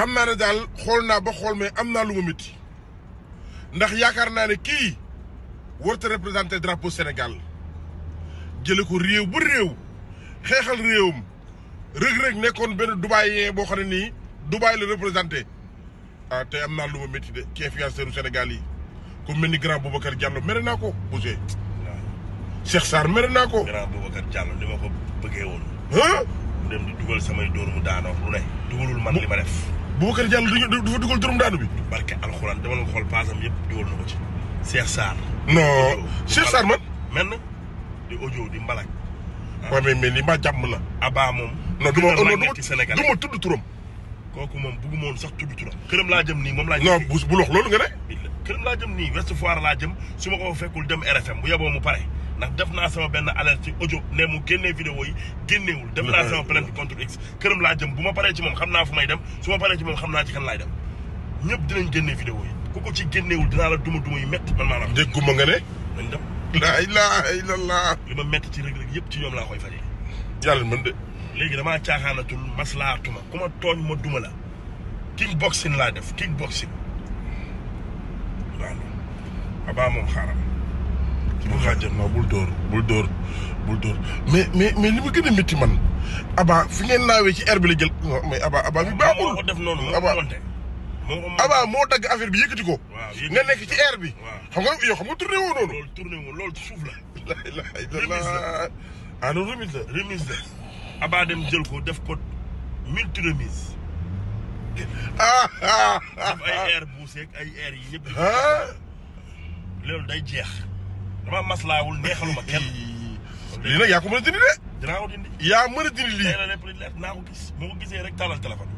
xam naa ne daal xool naa ba xool mais am naa lu ma métti ndax yaakaar naa ne kii warut a représenté drapeau Sénégal jële ko réew bu réew xeexal réewam rëg-rëg nekkoon benn Dubaï boo xam ne nii Dubaï la représenté ah am naa lu ma métti de ci influenceuru Sénégal ku mel ni grand Boubacar Diallo naa ko Ousseyn. waaw Cheikh Sarr naa ko. grand Boubacar Diallo li ma ko bëggee woon. mu dem di dugal samay dóor mu daanoo lu ne. dugalul ma def. Boubacar Diallo du fa dugal turam daanu bi. barke alxuraan dama la ko xool paasam yëpp dugal na ko ci. Cheikh Sarr. non Cheikh Sarr man. mel na di audio di mbalak. waaw ah. mais mais li ma jàmm la. Aba moom. non du ma non du ma tudd turam. kooku moom bugguma woon sax tudd turam. këram laa jëm nii moom laa. non bu bu lox loolu nga ne. këram laa jëm nii West Foire laa jëm su ma ko fekkul dem RFM bu yeboo mu pare. ndax def naa sama benn alerte ojo ne mu génnee vidéo yi génneewul def naa sama plainte contre x këram laa jëm bu ma paree ci moom xam naa fu may dem su ma paree ci moom xam naa ci kan dem ñëpp dinañ génnee vidéo yi ku ko ci génneewul dinaa la duma duma yi métti man maanaam dégguma nga ne nañ dem laa ilaaha illallah li ma métti ci rëg-rëg yëpp ci ñoom laa koy fajee yàlla mën de léegi damaa caaxaanatul maslaatuma ku ma tooñ ma duma la king boxing laa def king boxing waaw abaa bu xaajal ma bul dóor bul dóor bul dóor mais mais mais li ma gën a métti man Aba fi ngeen naawee ci air bi la jël mais Aba Aba bi baaxul def Aba moo dagg affaire bi yëkkati ko. nga nekk ci air bi. xam nga yow xam nga tourné woo noonu. loolu tourné woo Aba ah, dem jël ko def ko multi remise. ah ah, ah, ah. ay air bu yëpp. loolu day jeex. damaa maslaawul neexaluma kenn. lii nag yaa ko mën a dindi de. dinaa ko dindi yaa mën a dindi lii. tey la lépp li leer naa ko gis moo ko gisee rek taalal téléphone.